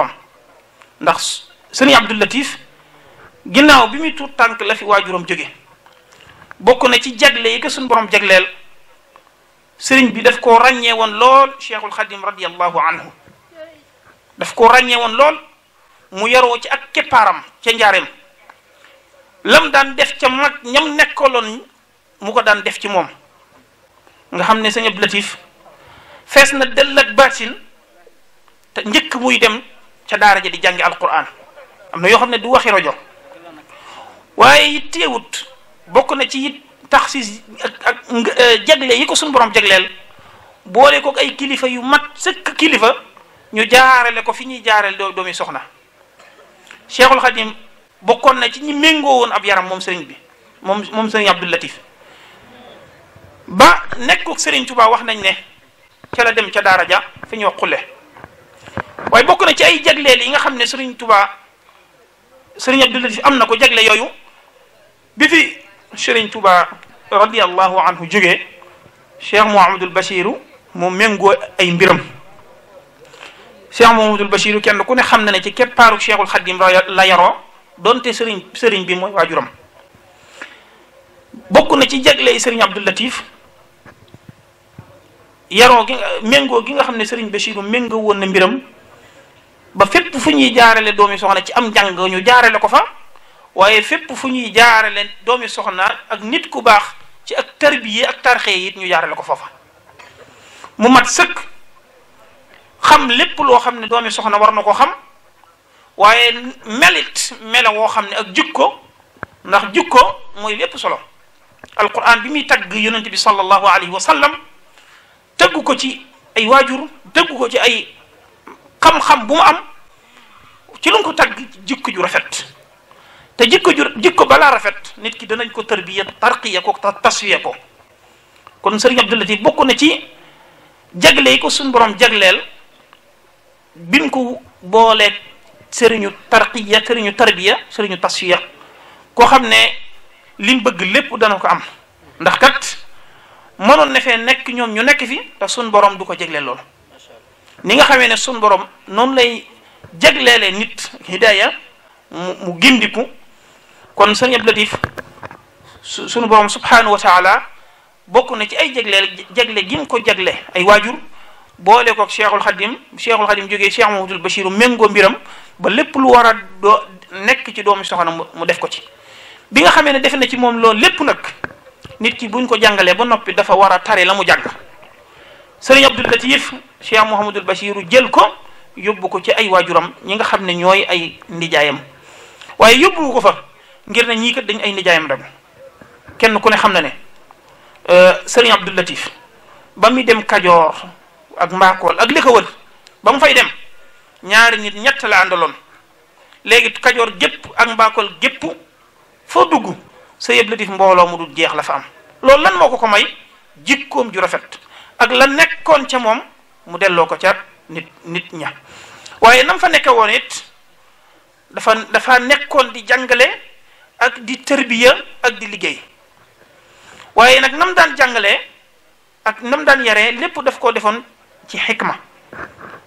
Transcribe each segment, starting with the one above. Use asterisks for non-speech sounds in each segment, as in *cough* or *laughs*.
borom ndax sëriñ Abdou Latif ginnaaw bi muy tuut tànk la fi waajuram jóge bokk na ci jagle yi ko suñu borom jagleel sëriñ bi daf koo ràññee woon lool cheikhul xadim radiallahu anhu daf koo ràññee woon lool mu yaroo ci ak keppaaram ca njaareem lam daan def ca mag ñam nekkaloon mu ko daan def ci moom nga xam ne sëñ Abdou Latif fees na dell ak baatin te njëkk muy dem ca daara ja di jàngi alquran am na yoo xam ne du waxi rajo waaye it teewut bokk na ci it taxsis ak ak e, yi ko suñu borom jagleel boole ko ay kilifa yu mat sëkk kilifa ñu jaarale ko fi ñuy jaarale doomi soxna Cheikhul Khadim bokkoon na ci ñi méngoo woon ab yaram moom sëriñ bi moom moom sëriñ Abdul Latif ba nekku sëriñ Tuubaa wax nañ ne ca la dem ca daara ja fi ñuy wax waaye bokk na ci ay jagle yi nga xam ne sëriñ Tuubaa sëriñ Abdou Latif am na ko jagle yooyu bi fi sëriñ Tuubaa radiyallahu anhu jógee Cheikh Mouhamadul Bachiru mu méngoo ay mbiram Cheikh Mouhamadul Bachiru kenn ku ne xam na ne ci keppaaru Cheikhul Xadim la yaroo donte sëriñ sëriñ bi mooy waajuram bokk na ci jagle sëriñ Abdou Latif yaroo gi méngoo gi nga xam ne sëriñ Bachiru méngoo woon na mbiram ba fépp fu ñuy jaarale doomi soxna ci am njàng ñu jaarale ko fa waaye fépp fu ñuy jaarale doomi soxna ak nit ku baax ci ak tarbiye ak tarxee it ñu jaarale ko foofa mu mat sëkk xam lépp loo xam ne doomi soxna war na ko xam waaye melit melo woo xam ne ak jikko ndax jikko mooy lépp solo alquran bi muy tagg yonent bi sallallahu alayhi wa sallam tëggu ko ci ay waajur tëggu ko ci ay xam-xam bu mu am ci luñ ko tagg jikko ju rafet te jikko ju jikko balaa rafet nit ki danañ ko tarbiya tarqiya ko tasfiya ko kon sëriñ Abdou Latif bokk na ci jagle yi ko suñ borom jagleel bim ko booleeg sëriñu tarqiya sëriñu tarbiya sëriñu tasfiya koo xam ne li lim bëgg lépp dana ko am ndax kat mënoon na fee nekk ñoom ñu nekk fi te suñ borom du ko jagleel loolu ni nga xamee ne sun borom noonu lay jagleele nit hidaya mu gindiku kon sëriñ Abdou Latif su sunu borom subhanahu wa taala bokk na ci ay jagleel jagle gi mu ko jagle ay waajur boole ko cheikhul xadim cheikhul xadim jógee cheikh Mahamadul Bachir méngoo mbiram ba lépp lu war a doo nekk ci doomi soxna mu def ko ci bi nga xamee ne defe na ci moom loolu lépp nag nit ki buñ ko jàngalee ba noppi dafa war a tare la mu jàng sëriñ Abdul Latif Cheikh Mouhamadul Bachiru jël ko yóbbu ko ci ay waajuram ñi nga xam ne ñooy ay ndijaayam waaye yóbbu ko fa ngir ne ñii kat dañ ay ndijaayam rek kenn ku ne xam na ne euh, sëriñ Abdul ba mu dem Kajoor ak Mbaakool ak li ko wër ba mu fay dem ñaari nit ñett la àndaloon léegi Kajoor gépp ak Mbaakool gépp foo dugg sëriñ Abdul Latif mbooloo mu dul jeex la fa am loolu lan moo ko ko may jikkoom ju rafet. ak la nekkoon ca moom mu delloo ko ca nit nit ña waaye nam fa nekk woon it dafa dafa nekkoon di jàngale ak di tërbiya ak di liggéey waaye nag nam daan jàngalee ak nam daan yaree lépp daf koo defoon ci xikma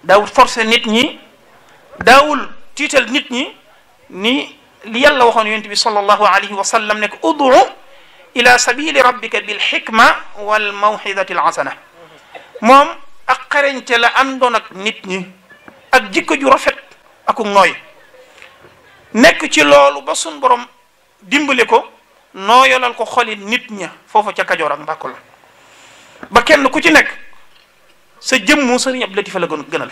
daawul forcer nit ñi daawul tiital nit ñi ni li yàlla waxoon yonent bi sallallahu alayhi wa sallam nekk udu ila sabili rabbika bil xikma wal mawxidati al asana moom ak xarañte la àndoon ak nit ñi ak jikko ju rafet aku nooy nekk ci loolu ba sun borom dimbali ko nooyalal ko xoli nit ña foofa ca Kajoor ak Mbàkke ba kenn ku ci nekk sa jëmmu Sëriñ Abdou Latif la gën gënal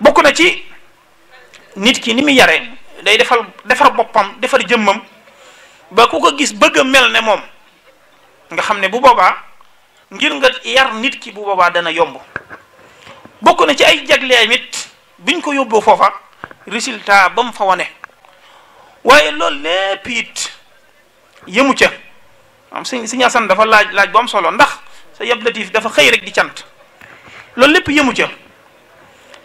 bokk na ci nit ki ni muy yaree day defal defar boppam defar jëmmam ba ku ko gis bëgg a mel ne moom nga xam ne bu boobaa ngir nga yar nit ki bu boobaa dana yomb bokk na ci ay jagleem it biñ ko yóbboo foofa résultat ba mu fa wane waaye lool lépp it yëmu ca am si si ñaasan dafa laaj laaj bu am solo ndax sa yab latif dafa xëy rek di cant loolu lépp yëmu ca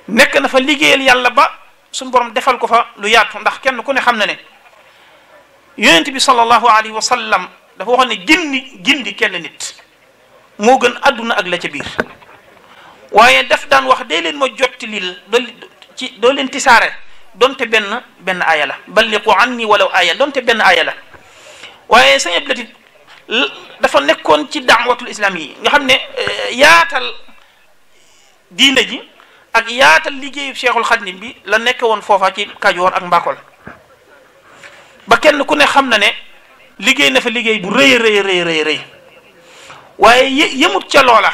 nekk na fa liggéeyal yàlla ba su borom defal ko fa lu yaatu ndax kenn ku ne xam na ne yonent bi sallallahu alayhi wa sallam dafa wax ne gindi kenn nit moo gën àdduna ak la ca biir waaye daf daan wax dee leen ma jot lil ci doo leen tisaare donte benn benn aaya la balliqu anni walaw aaya donte benn aaya waaye sëñ Abdou Latif dafa nekkoon ci daawatul islam yi nga xam ne eh, yaatal diine ji ak yaatal liggéeyu Cheikhul Khadim bi la nekk woon foofa ci Kajoor ak Mbakol ba kenn ku ne xam na ne liggéey na fa liggéey bu rëy rëy rëy rëy waaye yë yëmut ca loola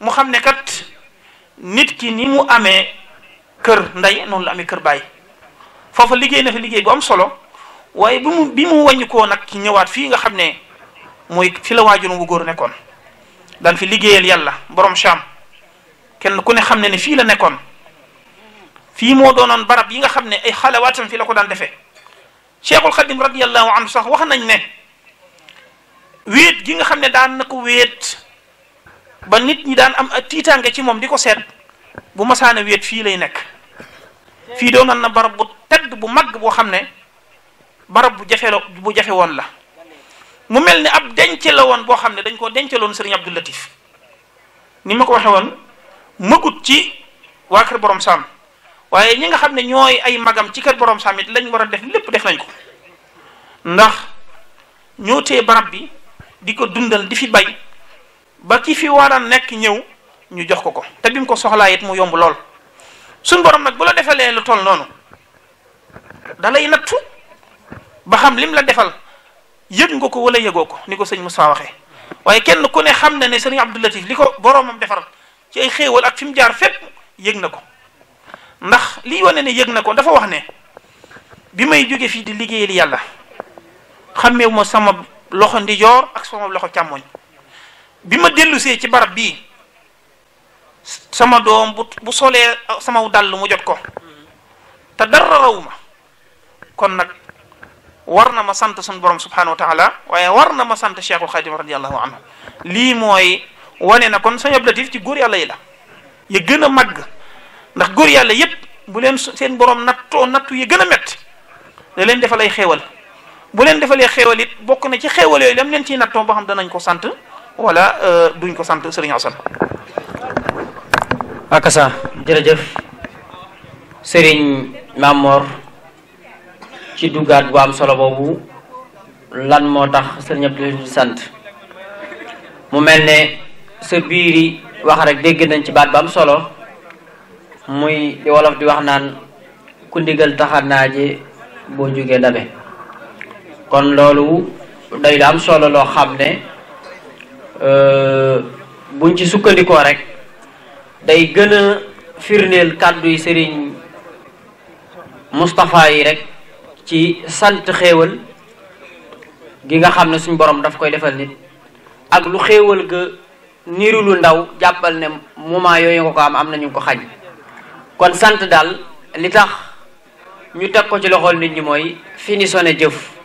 mu xam ne kat nit ki ni mu amee kër ndey noonu la amee kër baay foofa liggéey na fi liggéey bu am solo waaye bi mu bi mu wàññi koo nag ci ñëwaat fii nga xam ne mooy fi la waajuram bu góor nekkoon daan fi liggéeyal yàlla borom Cham kenn ku ne xam ne ne fii la nekkoon fii moo doonoon barab yi nga xam ne ay xalawaatam fii la ko daan defee Cheikhul Xadim radiyallahu anhu sax wax nañ ne. wéet gi nga xam ne daan na ko wéet ba nit ñi daan am tiitaange ci moom di ko seet bu masaana wéet fii lay nekk fii doonoon na barab bu tedd bu mag boo xam ne barab bu jafe la bu jafe woon la mu mel ni ab denc la woon boo xam ne dañ koo dencaloon sëriñ Abdou Latif ni ma ko waxee woon magut ci waa kër borom sàmm waaye ñi nga xam ne ñooy ay magam ci kër borom saam it lañ war a def lépp def nañ ko ndax ñoo barab bi. di ko dundal di fi bay ba ki fi war daan nekk ñëw ñu jox ko ko te bi mu ko soxlaa it mu yomb lool suñ borom nag bu la defalee lu toll noonu dalay nattu ba xam li mu la defal yëg nga ko wala yëgoo ko ni ko sëñ Moussa waxee waaye kenn ku ne xam na ne sëriñ Abdou Latif li ko boromam defal ci ay xéewal ak fi mu jaar fépp yëg na ko ndax li wane ne yëg na ko dafa wax ne bi may jóge fii di liggéeyal yàlla xàmmeewu ma sama loxo ndijoor ak sama loxo càmmoñ bi ma dellusee ci barab bii sama doom bu bu solee uh, sama dàll mu jot ko te dara raw ma kon nag war na ma sant suñu borom subhanahu wa taala waaye war na ma sant cheikhul xadim radiallahu anhu lii mooy wane na kon Sëñ Abdou ci góor yàlla yi la ya gën a màgg ndax góor yàlla yépp bu leen seen borom nattoo nattu ya gën a métti da leen defal ay xéewal bu leen defalee xéewal it bokk na ci xéewal yooyu lam leen ciy nattoo boo xam danañ ko sant wala euh, duñ ko sant sëriñ Asan akasa jërëjëf sëriñ Mamor ci duggaat bu am solo lan moo tax sëriñ sant mu mel ne sa biiri wax rek dégg nañ ci baat bi am solo muy di wolof di wax naan ku ndigal taxa naaje boo jógee dabe kon loolu day la am solo loo xam ne euh, buñ ci sukkandikoo rek day gën a firndeel kàddu yi sëriñ Moustapha yi rek ci sant xéewal gi nga xam ne suñ borom daf koy defal nit ak lu xéewal ga niru lu ndaw jàppal ne moment yooyu nga ko am am na ñu ko xañ kon sant daal li tax ñu teg ko ci loxol nit ñi mooy finitionné jëf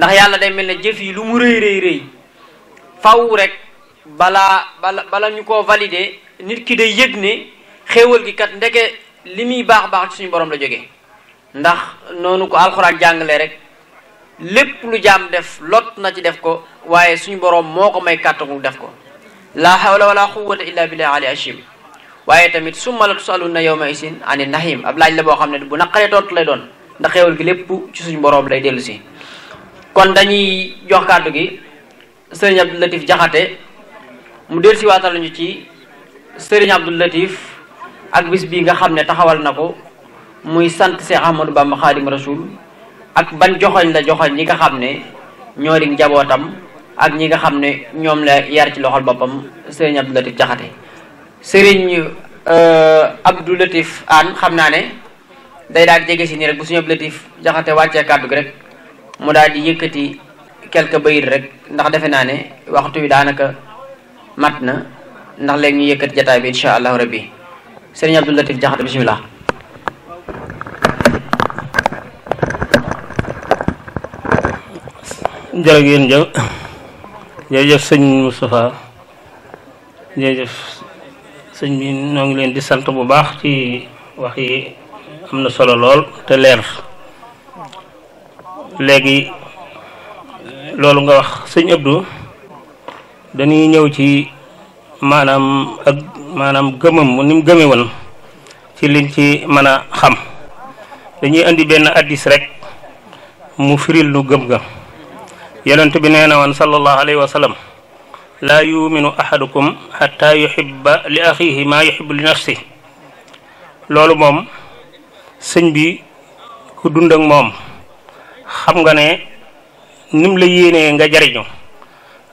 ndax yàlla de mel na jëf yi lu mu rëy rëy rëy faw rek balaa bala bala ñu koo valider nit ki day yëg ne xéewal gi kat ndeke li muy baax baax ci suñu borom la jógee ndax noonu ko alxuraan jàngale rek lépp lu jaam def lot na ci def ko waaye suñu borom moo ko may kàttanu def ko laa la hawla wala quwwata illa billah ali ashim waaye tamit su summa la tusaluna yawma isin ani nahim ab laaj la boo xam ne bu naqaree tootu lay doon ndax xéewal gi lépp ci suñu borom lay dellu si kon dañuy jox kàddu gi sëriñ Abdou Jaxate mu del si waatal ñu ci sëriñ Abdou ak bis bii nga xam ne taxawal na ko muy sant Cheikh Ahmadou Bamba Khadim Rasoul ak ban joxoñ la joxoñ ñi nga xam ne ñoo di ak ñi nga xam ne ñoom la yar ci loxol boppam sëriñ Abdou Latif Jaxate sëriñ euh, Abdou Latif Aan xam naa ne day daal jege si nii rek bu sëriñ Abdou Jaxate wàccee kàddu gi rek mu daal di yëkkati quelque bayit rek ndax defe naa ne waxtu wi daanaka mat na ndax léegi ñu yëkkati jataay bi incha allahu rabbi sëriñ Abdou Latif Diakhaté bismillah jërë ngeen jëf jërëjëf sëñ Moustapha jërëjëf sëñ bi noo ngi leen di sant bu baax ci wax yi am na solo lool te leer léegi loolu nga wax sëñ Abdou dañuy ñëw ci maanaam ak maanaam gëmam ni mu gëme woon ci liñ ci mën a xam dañuy indi benn addis rek mu firil lu gëm ga yonent bi nee na woon sallallahu alayhi wa laa yuminu ahadukum xataa yuhibba li axihi maa yuhibbu li nafsi loolu moom sëñ bi ku dund moom xam nga ne nim la yéenee nga jariñu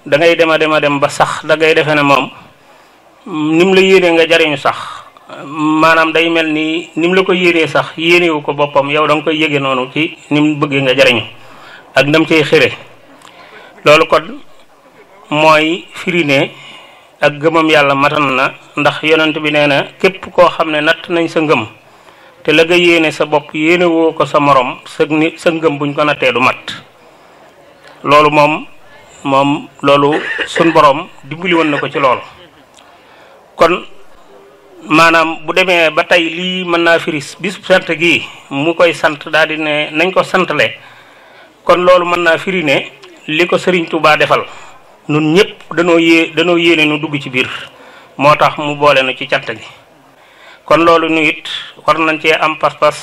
dangay ngay dem dem a dem ba sax dangay defe ne moom nim la yéenee nga jariñu sax maanaam day mel ni nim la ko yéenee sax yéenewu ko boppam yow danga koy yége noonu ci nim bëggee nga jariñu ak ndam cay xëre loolu kon mooy firine ak gëmam yàlla matan na ndax yonent bi nee na képp koo xam ne natt nañ sa ngëm te la nga yéene sa bopp yéene ko sa morom sëg ni sa ngëm buñ ko nattee du mat loolu moom moom loolu suñ borom dimbali woon na ko ci loolu kon maanaam bu demee ba tey lii mën naa firis bis sant gii mu koy sant daal di ne nañ ko santale kon loolu mën naa firi ne li ko sëriñ Touba defal nun ñëpp danoo yée danoo yéene nu dugg ci biir moo tax mu boole na ci cant gi kon loolu ñu it war nañ cee am pas-pas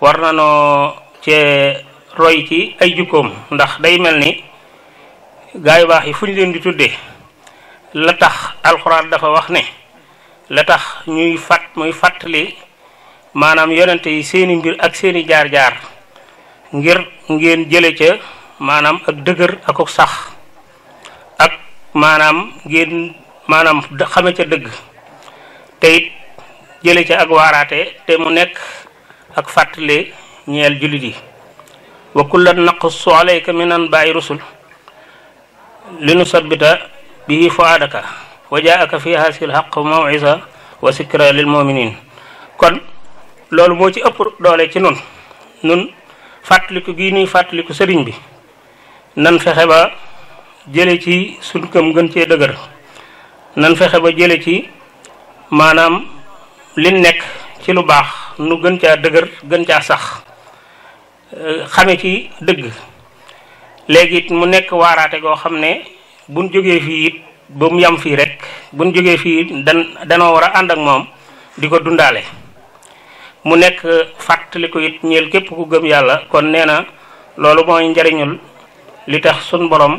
war noo cee roy ci ay jukkoom ndax day mel ni gaa yu baax yi fu ñu leen di tuddee la tax alxuraan dafa wax ne la tax ñuy fàtt muy fàttali maanaam yonente yi seeni mbir ak seeni jaar-jaar ngir ngeen jële ca maanaam ak dëgër akuk sax ak maanaam ngeen maanaam xame ca dëgg te jële ca ak waaraate te mu nekk ak fàttale ñeel jullit yi wa kullan naqussu alayka minan bàyyi rusul li nu sabbita bihi fuadaka wa jaaka fi hasil haq mawisa wa sikra lil muminin kon loolu moo ci ëpp doole ci nun nun fàttaliku gi nuy fàttaliku sëriñ bi nan fexe ba jële ci sunkam gën cee dëgër nan fexe ba jële ci maanaam li nekk ci lu baax nu gën caa dëgër gën caa sax euh, xame ci dëgg léegi mu nekk waaraate goo xam ne buñ jógee fii it ba mu yam fii rekk buñ jógee fii dan danoo war a ànd ak moom di ko dundaale mu nekk fàttaliku it ñeel képp ku gëm yàlla kon nee na loolu mooy njariñul li tax sun borom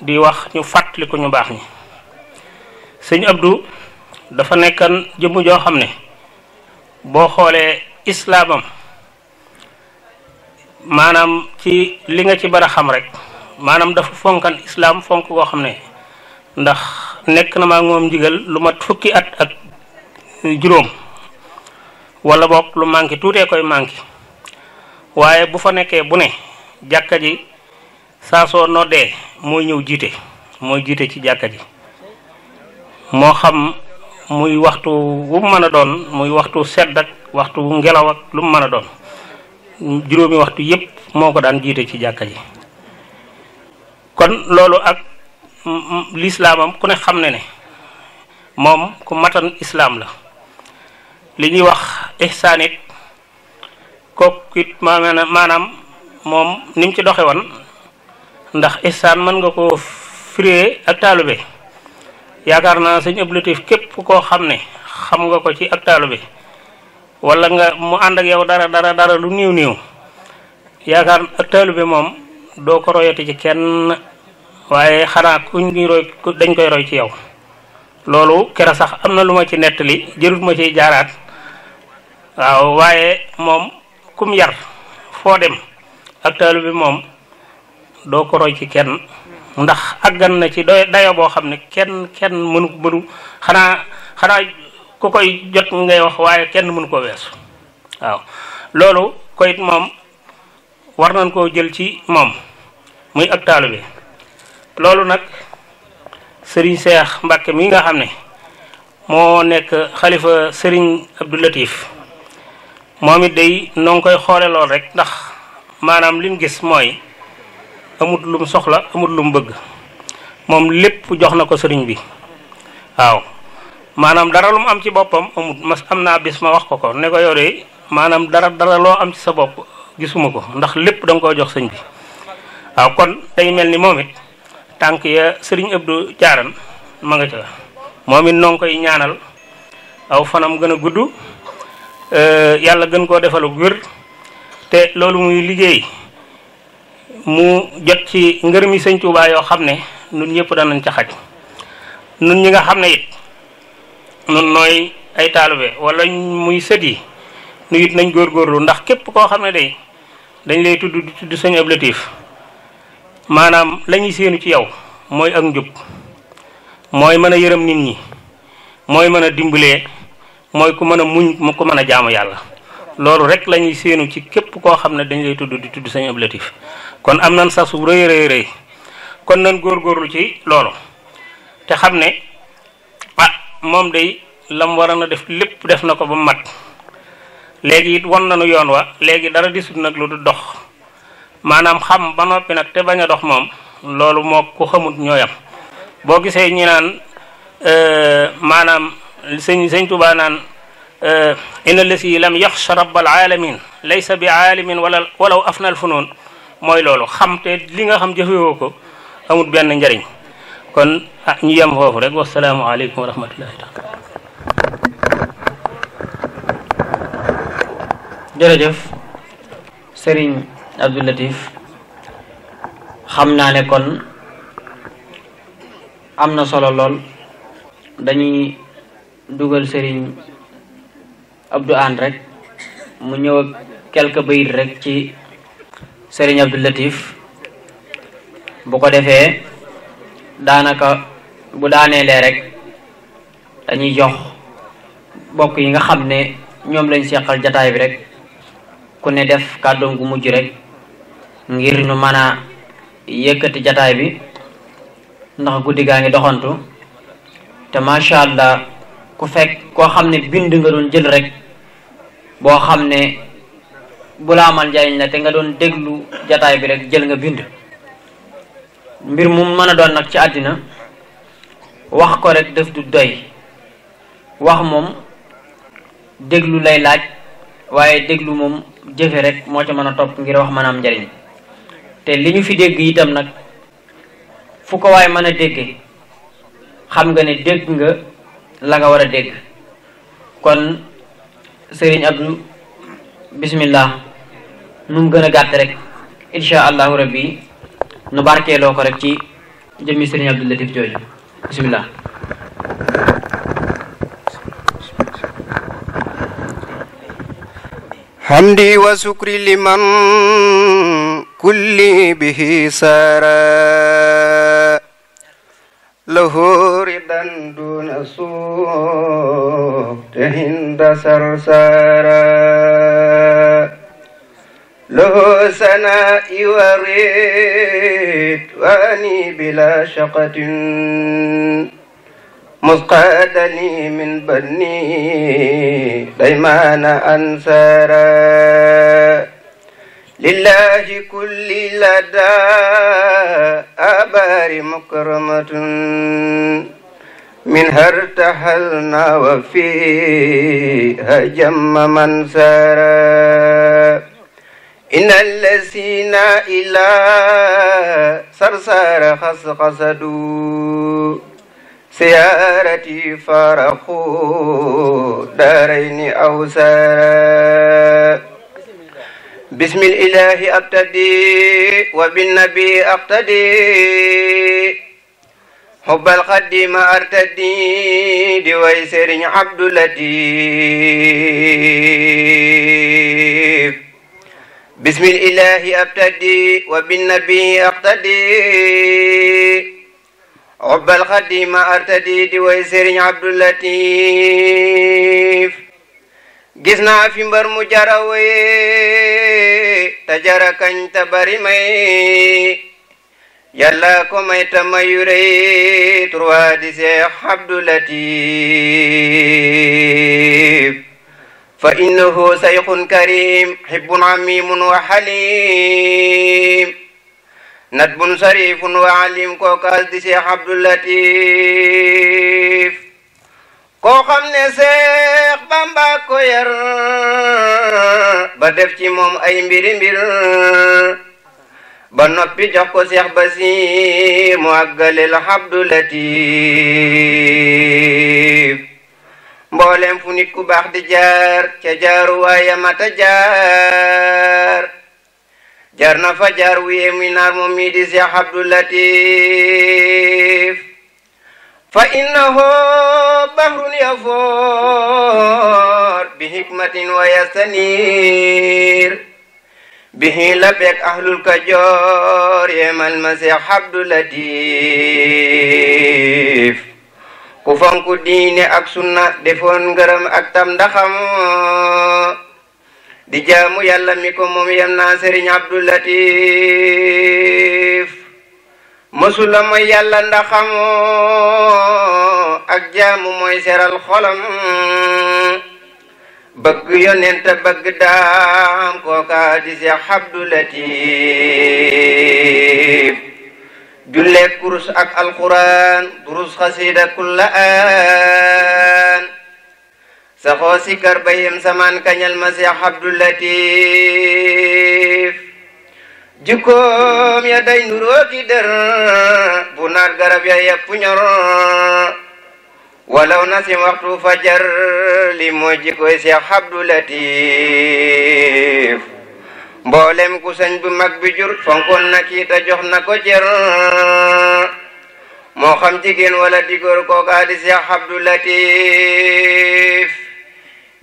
di wax ñu fàttaliku ñu baax ñi sëñ Abdou dafa nekkan jëmm joo xam ne boo xoolee islaamam maanaam ci li nga ci bara xam rek maanaam dafa fonkan islaam fonk koo xam ne ndax nekk na maa moom ndigal lu mat fukki at ak juróom wala boog lu manqué tuutee koy manqué waaye bu fa nekkee bu ne jàkka ji saa soo noddee mooy ñëw jiite mooy jiite ci jàkka ji moo xam muy waxtu wu mu mën a doon muy waxtu sedd ak waxtu ngelaw ak lu mu mën a doon juróomi waxtu yépp moo ko daan jiite ci jàkka ji kon loolu ak lislaamam ku ne xam ne ne moom ku matan islaam la li ñuy wax ihsaan it kooku maanaam moom ni ci doxe woon ndax ihsaan mën nga ko firee ak taalube yaakaar naa sëñ Abdou Latif képp koo xam ne xam nga ko ci ak taalibe bi wala nga mu ànd ak yow dara dara dara lu néew néew yaakaar ak taalibe bi moom doo ko royati ci kenn waaye xanaa kuñ di dañ koy roy ci yow loolu kera sax am na lu ma ci nettali jërut ma ciy jaaraat waaw waaye moom kum yar foo dem ak bi moom doo ko roy ci kenn ndax àggan na ci doy dayo boo xam ne kenn kenn mënu mënu xanaa xanaa ku koy jot ngay wax waaye kenn mënu koo weesu waaw loolu koyit moom war nañ koo jël ci moom muy ak bi loolu nag sëriñ Seex Mbàkke mi nga xam ne moo nekk xalifa sëriñ Abdou Latif moom it day noo ngi koy xoole lool rek ndax maanaam lim gis mooy amut lum soxla amut mu bëgg moom lépp jox na ko sëriñ bi waaw maanaam dara lu mu am ci boppam amut mas am naa bis ma wax ko ko ne ko yore maanaam dara dara loo am ci sa bopp gisuma ko ndax lépp danga nga koo jox sëñ bi waaw kon day mel ni moom it tànk ya sëriñ Abdou du ma nga ca moom it noo ngi koy ñaanal aw fanam gën a gudd yàlla gën koo defal ak te loolu muy liggéey mu jot ci ngërëmi sëñ Tuubaa yoo xam ne nun ñëpp danañ ca xaj nun ñi nga xam ne it nun nooy ay taalibe wala muy sët yi nu it nañ góorgóorlu ndax képp koo xam ne day dañ lay tudd di tudd sëñ Abdou maanaam la séenu ci yow mooy ak njub mooy mën a yërëm nit ñi mooy mën a dimbalee mooy ku mën a muñ ku mën a jaamu yàlla loolu rek la séenu ci képp koo xam ne dañ lay tudd di tudd sëñ Abdou kon am nan sasu rëy rëy rëy kon góor góorgóorlu ci loolu te xam ne ah moom day lam war a def lépp def na ko ba mu mat léegi it won nañu yoon wa léegi dara disut nag lu du dox maanaam xam ba noppi nag te bañ a dox moom loolu moo ku xamut ñooyam boo gisee ñi naan euh, maanaam sëñ sëñ Tuubaa naan euh, inna lesi lam yaxsha rabbal alamin laysa bi aalimin wala walaw afnal funoon mooy loolu xam te li nga xam jëfewoo ko amul benn njariñ kon ah ñu yem foofu rek wasalaamu aleykum wa rahmatullahi taala jërëjëf sëriñ Abdou Latif xam naa ne kon am na solo lool dañuy dugal sëriñ Abdou An rek mu ñëw ak quelques bayit rek ci sëriñ Abdou Latif bu ko defee daanaka bu daaneelee rek dañuy jox bokk yi nga xam ne ñoom lañ seqal jataay bi rek ku ne def kàddoom gu mujj rek ngir ñu mën a yëkkati jataay bi ndax guddi gaa ngi doxantu te macha allah ku fekk koo xam ne bind nga doon jël rek boo xam ne bu la amal njariñ la te nga doon déglu jataay bi rek jël nga bind mbir mu mën a doon nag ci àddina wax ko rek def du doy wax moom déglu lay laaj waaye déglu moom jëfe rek moo ci mën a topp ngir wax mën a am njariñ te li ñu fi dégg itam nag fu ko waay mën a dégge xam nga ni dégg nga la nga war a dégg kon sëriñ Abdou bismillah nu mu gën a gàtt rek insha allahu rabbi nu barkeeloo ko rek ci jëmmi sëriñ Abdou Latif jooju bismillah حمدي وسكري لمن كلي به سرى له رضا دون صوت هند سرسارا له سناء وريد واني بلا شقة مسقادني من بني ديمان أنسارا لله كل لدى أبار مكرمة منها ارتحلنا وفيها جم من سارا إن الذين إلى سرسار خسقسدوا سيارتي فرحوا دارين أو سارا بسم الإله أبتدي وبالنبي أقتدي حب القديم أرتدي دويسر عبد اللطيف بسم الإله أبتدي وبالنبي أقتدي حب القديم أرتدي دويسر عبد اللطيف gis naa fi mbar mu jarawe te jara kañ te bari may yàlla ko may te mayu rëy trois di seex Abdou Latif fa innahu sayxun karim hibbun amimun wa halim nadbun sarifun wa alim kookaas di seex Abdou Latif koo ne seex bamba ko yar ba def ci moom ay mbiri mbir ba noppi jox ko seex basir mu àggaleel Abdou Latif mboolem fu nit ku baax di jaar ca jaaru waaye mata jaar jaar na jaar wu yee mi naar moom mii di seex Abdou Latif فإنه بحر يفور بحكمة ويستنير به لبيك أهل الكجور يما المسيح عبد لطيف ku fonk diine ak sunna defoon ngërëm ak tam ndaxam di jaamu yàlla mi ko moom yem naa Sëriñ Abdou mësula mooy yàlla ndaxamoo ak jaamu mooy seral xolam bëgg yonent bëgg daam kooka di Seex Abdou kurus ak alquran durus xasida kullaan saxoo sikar bayim samaan kañal ma Seex jikkoom ya day nuróoki der bu naat garab ya yepp ñor walaw na si waxtu fajar li jikkoy Seex Abdu Latif mboolem ku bu mag bi jur na kii jox na ko cër moo xam jigéen wala digóor kookaa di Seex Abdu Latif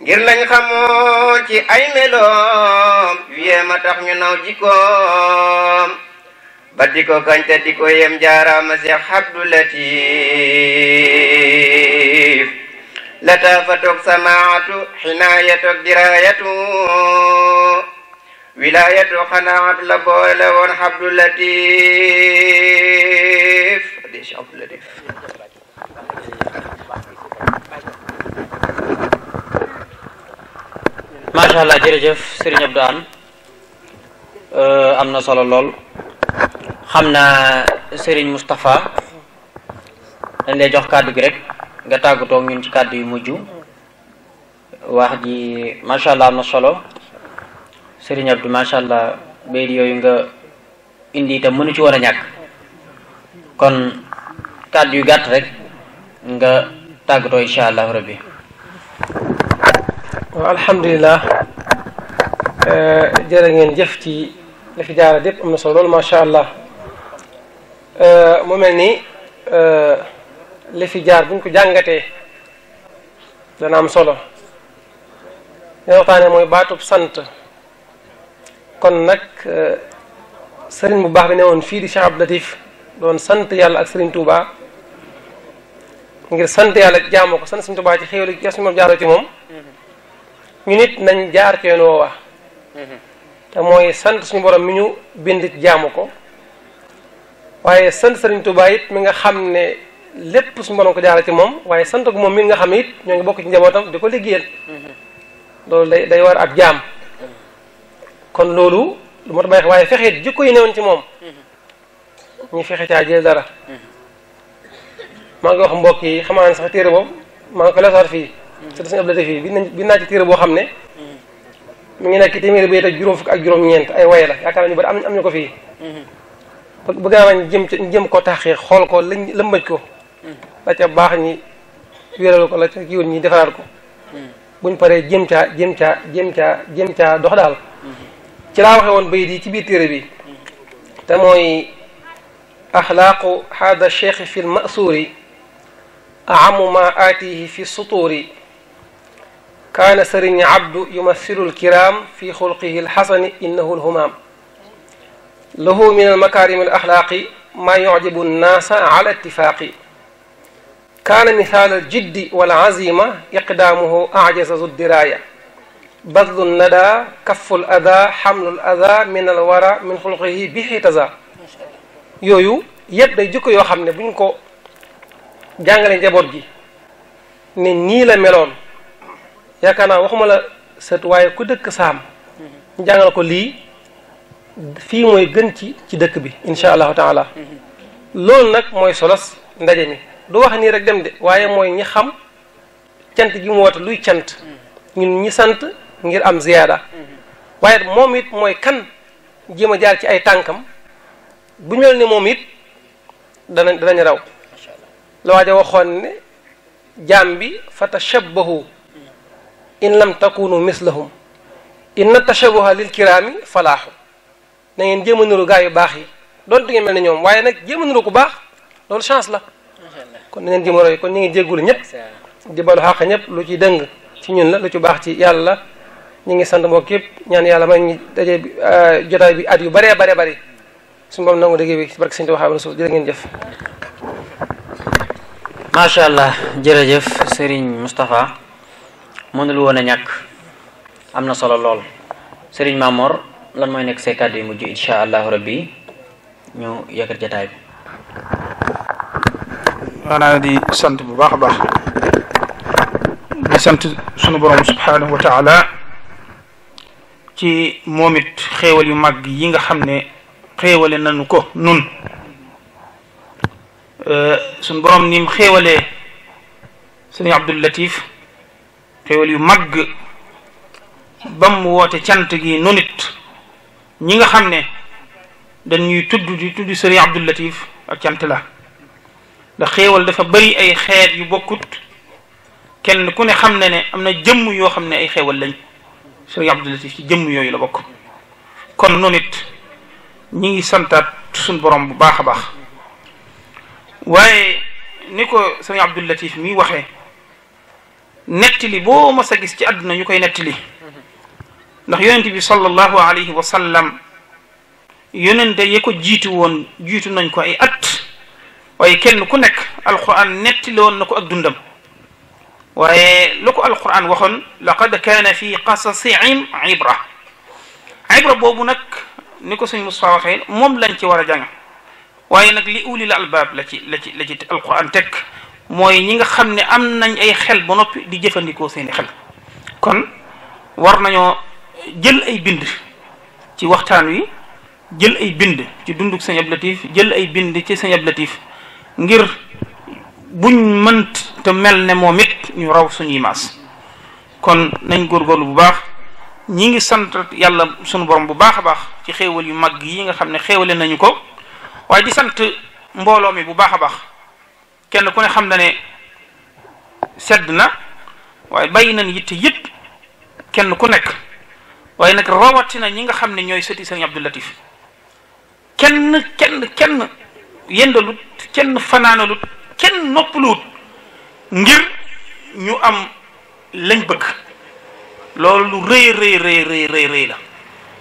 ngir lañ xamoo ci ay meloom tax ñu naw jikkoom ba di ko kañ te di ko jaaraama Seex Abdu Latiif lataafatoog samaatu xinaayatoog diraayatu wilaayatu xanaat la boole woon Abdu Latiif macha allah jërëjëf Serigne Abdou Hann euh, am na solo lool xam naa Serigne Moustapha dañ lay jox kàddu gi rek nga tàggatoo ñun ci kàddu yu mujj wax ji macha allah am na solo Serigne Abdou macha allah béy yooyu nga indi itam mënu ci war a ñàkk kon kàddu yu gàtt rek nga tàggatoo incha allah rabbi waaw alhamdulilah euh, jërë ngeen jëf ci li fi jaara dépp am na solo loolu macha allah euh, mu mel ni euh, li fi jaar buñ ko jàngatee dana am solo li waxtaanee mooy baatub sant kon nag sëriñ bu baax bi ne woon fii di Cheikh Abdou doon sant yàlla ak sëriñ Touba ngir sant yàlla jaamoo ko sant sëriñ Touba ci xéwal yi jaar moom ci moom. ñu nit nañ jaar ci yoon woowa mm-hmm. te mooy sant suñu borom mi ñu bind jaamu ko waaye sant Sëriñ Tuubaa it mi nga xam ne lépp suñu borom ko jaara ci moom waaye sant ko moom mi nga xam ne ñoo ngi bokk ci njabootam di ko liggéeyal mm-hmm. loolu day day war ab jaam mm-hmm. kon loolu lu moo tax bàyyi waaye fexe jikko yi newoon ci moom ñu fexe caa jël maa ngi wax mbokk yi xamaa sax téere boobu maa ko lesoor fii te dañu abdoulaye fii bind nañ bind naa ci téere boo xam ne mi ngi nekk téeméeri bayit ak juróom fukk ak juróom-ñeent ay waye la yaakaar nañu bari am am ñu ko fii bëgg naa ñu jëm ñu jëm ko taxee xool ko lañ lëmbaj ko la ca baax ñi wéral ko la ca kiiwul ñi defaraat ko buñ paree jëm caa jëm caa jëm caa jëm caa dox daal ci laa waxee woon bayit yi ci biir téere bi te mooy axlaaqu hada cheikh fi lmasuuri ahamu ma aatihi fi sutuuri kaana sëriñ abdu yumassilu alkiraam fi xulqihi alxasani innahu alhumaam lahu min almakaarimi alaxlaaqi maa yujibu annaasa ala ittifaaqi kaana mithaal aljiddi walazima iqdaamuhu ajaza zu diraaya badlu nada kaffu l ada xamlu l ada min alwara min xulqihi bi xitaza yooyu yëpp day jikko yoo xam ne buñ ko jàngale njaboot gi ne nii la meloon yaakaar naa waxuma la sët waaye ku dëkk saam ñu mm-hmm. ko lii fii mooy gën ci ci dëkk bi incha allahu taala mm-hmm. loolu nag mooy solos ndaje mi du wax nii rek dem de waaye mooy ñi xam cant gi mu woote luy cant mm-hmm. ñun ñi sant ngir am ziyaada waaye moom it mooy kan jéem a jaar ci ay tànkam bu ñu ni moom it danañ danañ raw la waaja waxoon ne jaam bi fa tashabbahu in lam takunu mislahum na tashabuha lil kiraami falaaxu na ngeen jéem a niru gaa yu baax yi doon di ngeen mel ne ñoom waaye nag jéem a niru ku baax loolu chance la kon na ngeen jéem a roy kon ñu ngi jéggulu ñëpp di balu xàq ñëpp lu ci dëng ci ñun la lu ci baax ci yàlla ñu ngi sant mbokk yëpp ñaan yàlla may ñu daje bi euh, jotaay bi at yu bëree bare bëri suñu boom nangu dégg bi barke sëñ te waxaa rasul jërë ngeen jëf macha allah jërëjëf Serigne Moustapha mënul woon ñàkk am na solo lool sëriñ Mamor lan mooy nekk say kàddu yi mujj insha allahu rabbi ñu yëkkat jataay bi maanaam di sant bu baax a baax di sant sunu borom subhanahu wa ci moom it xéewal yu mag yi nga xam ne xéewale nañu ko nun euh, sunu borom ni mu xéewalee Abdul Latif xéwal yu màgg bam mu woote cant gi nu ñi nga xam ne dañuy tudd di tudd sëriñ Abdou Latif ak cant la ndax xéewal dafa bari ay xeet yu bokkut kenn ku ne xam ne ne am na jëmm yoo xam ne ay xéewal lañ sëriñ Abdou Latif ci jëmm yooyu la bokk kon nu nit ñi ngi santaat suñ borom bu baax a baax waaye ni ko sëriñ Abdou Latif mi waxee nettali boo mos a gis ci àdduna ñu koy nettali ndax yonent bi sallallahu alayhi wa sallam yonente yi ko jiitu woon jiitu nañ ko ay at waaye kenn ku nekk alquran nettali woon na ko ak dundam waaye lu ko alquran waxoon laqad kaana fi qasasihim ibra ibra boobu nag ni ko suñ Mustafaa waxee moom lañ ci war a jàng nag li ulil albaab la ci la ci la ci alquran tekk mooy ñi nga xam ne am nañ ay xel ba noppi di jëfandikoo seeni xel kon war nañoo jël ay bind ci waxtaan wi jël ay bind ci dunduk Sëñ Abdou jël ay bind ci Sëñ Abdou ngir buñ mënt te mel ne moom it ñu raw suñuy maas kon nañ góorgóorlu bu baax ñi ngi sant yàlla suñu borom bu baax a baax ci xéewal yu mag yi nga xam ne xéewale nañu ko waaye di sant mbooloo mi bu baax a baax kenn ku ne xam na ne sedd na waaye bàyyi nañ yitte yëpp kenn ku nekk waaye nag rawatina ñi nga xam ne ñooy sëti sëriñ Abdou Latif kenn kenn kenn yendalut kenn fanaanalut kenn noppaluwut ngir ñu am lañ bëgg loolu lu rëy rëy rëy rëy rëy la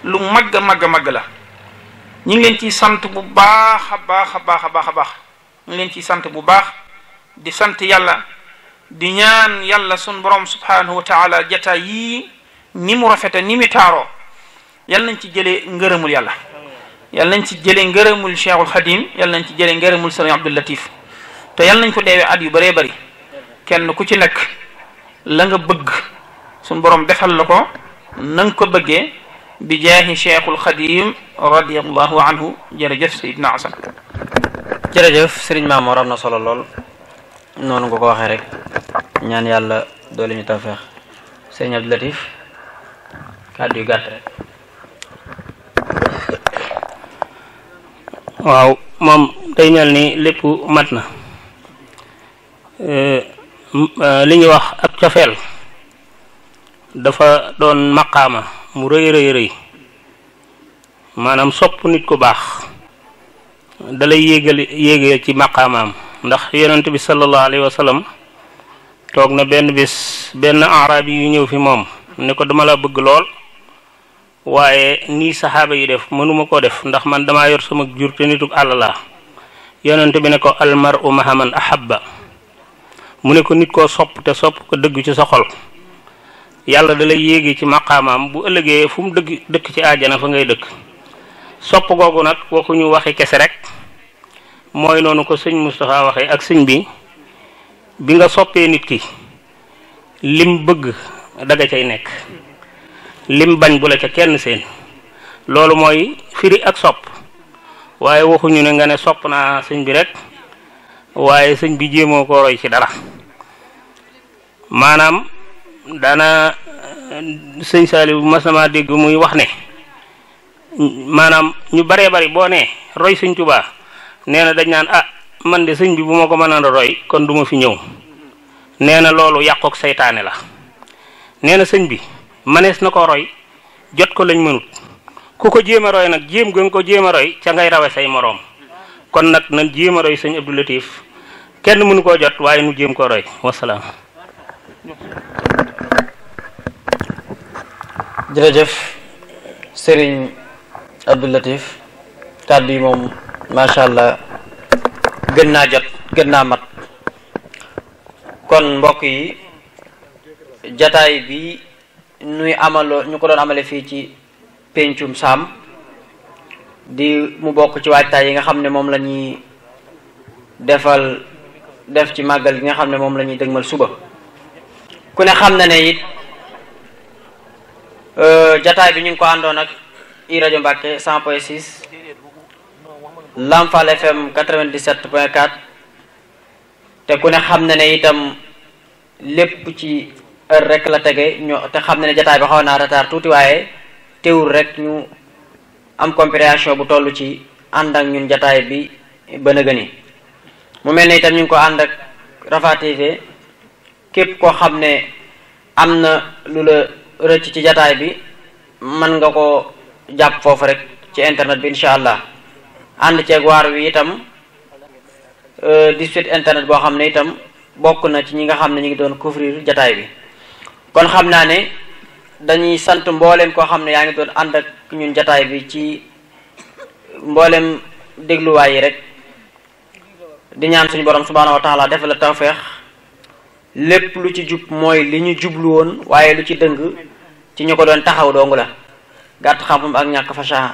lu màgg a màgg a màgg la ñu ngi leen ciy sant bu baax a baax a baax a baax a baax ñu leen ciy sant bu baax di sant yàlla di ñaan yàlla sun borom subhanahu wa taala jataay yii ni mu rafete ni mu taaroo yal nañ ci jëlee ngërëmul yàlla yal nañ ci jëlee ngërëmul cheikhul xadim yal nañ ci jëlee ngërëmul sëriñ abdul latif te yal nañ ko deewee at yu bëree bari kenn ku ci nekk la nga bëgg sun borom defal la ko na ko bëggee bi jaahi cheikhul xadim radiallahu anhu jërëjëf sayidna asan jërëjëf sëriñ Maamoor am na solo lool noonu nga ko waxee rek ñaan yàlla doole ñu tawfeex sëriñ Abdou Latif kàddu yu gàtt rek waaw moom day mel ni lépp mat na li ñuy wax ak cofeel dafa doon maqaama mu rëy rëy rëy maanaam sopp nit ku baax dalay yéegal yéegee ci maqaamaam ndax yonent bi sallallahu alayhi wa toog na benn bis benn arab yu ñëw fi moom ne ko dama la bëgg lool waaye nii saxaaba yi def mënuma koo def ndax man damaa yor sama jur te nitug àll yonent bi ne ko almar u mahaman ahabba mu ne ko nit koo sopp te sopp ko dëgg ci sa xol yàlla dalay yéegee ci maqaamaam bu ëllëgee fu mu dëgg dëkk ci aajana fa ngay dëkk sopp googu nag waxuñu waxi kese rek mooy noonu ko sëñ Moustapha waxee ak sëñ bi bi nga soppee nit ki lim bëgg daga cay nekk lim bañ bu la ca kenn seen loolu mooy firi ak sopp waaye waxuñu ne nga ne sopp naa sëñ bi rek waaye sëñ bi jéemoo ko roy ci dara maanaam daana sëñ Saaliw bu mas dégg muy wax ne maanaam ñu baree bari boo nee roy sëñ tubaa nee na dañ naan ah man de sëñ bi bu ma ko mënoon a roy kon du ma fi ñëw nee na loolu yàqook seytaane la nee na sëñ bi manees na ko roy jot ko lañ mënut ku ko jéem a roy nag jéem ga nga ko jéem a roy ca ngay rawe say moroom kon nag na jéem a roy sëñ Abdou Latif kenn mënu koo jot waaye nu jéem koo roy wasalaam Abdou Latif kàddu yi moom macha allah gën naa jot gën naa mat kon mbokk yi jataay bi nuy amaloo ñu ko doon amale fii ci pencum saam di mu bokk ci waajtaay yi nga xam ne moom la ñuy defal def ci màggal yi nga xam ne moom la ñuy dëgmal suba ku ne xam na ne it euh, jataay bi ñu ngi ko àndoon ak i rajo Mbàkke 100 point 6 Lamp Fall FM 97 point 4 te ku ne xam na ne itam lépp ci heure rek la tege ñoo te xam na ne jataay bi xaw naa retard tuuti waaye teewul rek ñu am compréhension bu toll ci ànd ak ñun jataay bi ba na mu mel ne itam ñu ngi ko ànd ak Rafah képp koo xam ne am na lu la rëcc ci jataay bi mën nga ko jàpp foofu rek ci internet bi incha allah ànd ceeg waar wi itam euh, di site internet boo xam ne itam bokk na ci ñi nga xam ne ñu ngi doon couvrir jataay bi kon xam naa ne dañuy sant mbooleem koo xam ne yaa ngi doon ànd ak ñun jataay bi ci mbooleem dégluwaay yi rek di ñaan suñu borom subhaanahu wa taala defal la tawfeex lépp lu ci jub mooy li ñu jublu woon waaye lu ci dëng ci ñu ko doon taxaw doongu la gàtt xam ak ñàkk fasaha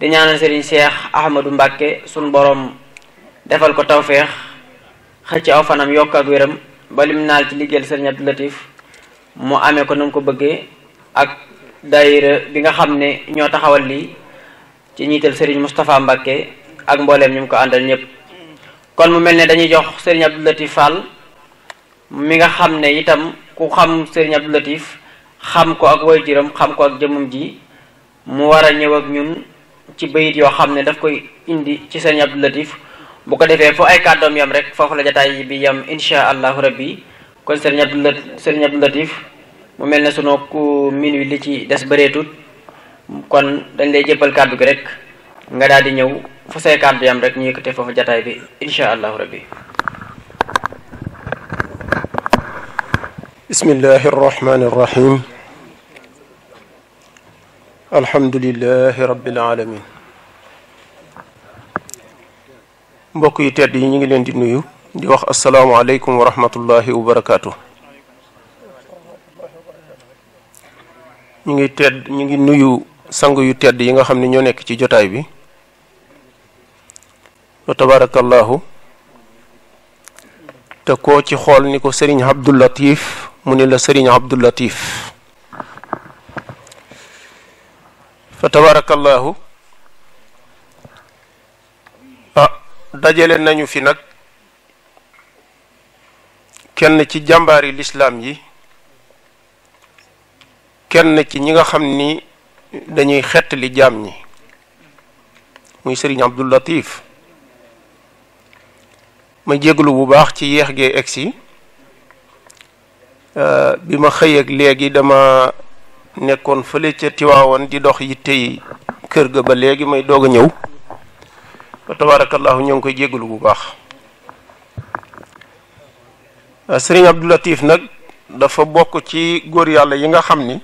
di ñaanal sëriñ seex ahmadu mbàkke sun borom defal ko tawféex xëcc aw fanam yokk ak wéram ba lim naal ci liggéeyal sëriñ Abdou mu amee ko na mu ko bëggee ak daayira bi nga xam ne ñoo taxawal lii ci ñiital sëriñ Moustapha Mbàkke ak mbooleem ñu mu ko àndal ñépp kon mu mel ne dañuy jox sëriñ Abdou Latif mi nga xam ne itam ku xam sëriñ Abdou xam ko ak waajuram xam ko ak jëmmum ji mu war a ñëw ak ñun ci bayit yoo xam ne daf koy indi ci sëriñ Abdou bu ko defee foo ay kàddoom yam rek foofu la jataay bi yam insha allahu rabbi kon sëriñ Abdou Latif sëriñ Abdou mu mel ne sunu ku minuit li ci des bëreetut kon dañ lay jëppal kàddu gi rek nga daal di ñëw fu say kàddu yam rek ñu yëkkatee foofu jataay bi insha allahu rabbi bismillahi arrahmani arrahim alhamdulilahi rabbil alamin mbokk yu tedd yi ñu ngi leen di nuyu di wax asalaamualeykum wa rahmatullahi wa barakaatu. ñu ngi tedd ñu ngi nuyu sang yu tedd yi nga xam ne ñoo nekk ci jotaay bi wa te koo ci xool ni ko sëriñ Abdou Latif mu ne la sëriñ Abdou Latif fa tabarakallahu ah, dajale nañu fi nag kenn ci jàmbaari lislaam yi kenn ci ñi nga xam ni dañuy xettali jaam ñi muy sëriñ Abdul Latif ma jéglu bu baax ci yeex gee egsi ah, bi ma xëyeeg léegi dama nekkoon fële ca Tiwaawoon di dox yitte yi kër ga ba léegi may doog a ñëw ba tabaarakallaahu ñoo ngi koy jéggalu bu baax ah, sëriñ Abdou Latif nag dafa bokk ci góor yàlla yi nga xam ni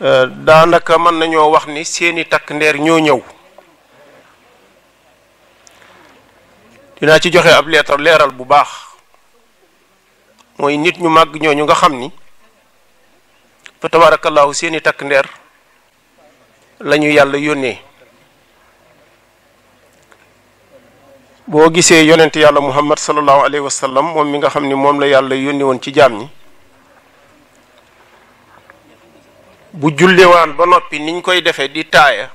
ah, daanaka mën nañoo wax ni seeni takk ndeer ñoo ñëw dinaa ci joxe ab leetar leeral bu baax mooy nit ñu màgg ñooñu nga xam ni fa tabaarakallaahu seeni takk ndeer lañu yàlla yónnee boo gisee yonent yàlla muhammad sallallahu alayhi wa sallam moom mi nga xam ni moom la yàlla yónni ci jaam ñi bu jullewaan ba noppi niñ koy defee di taaya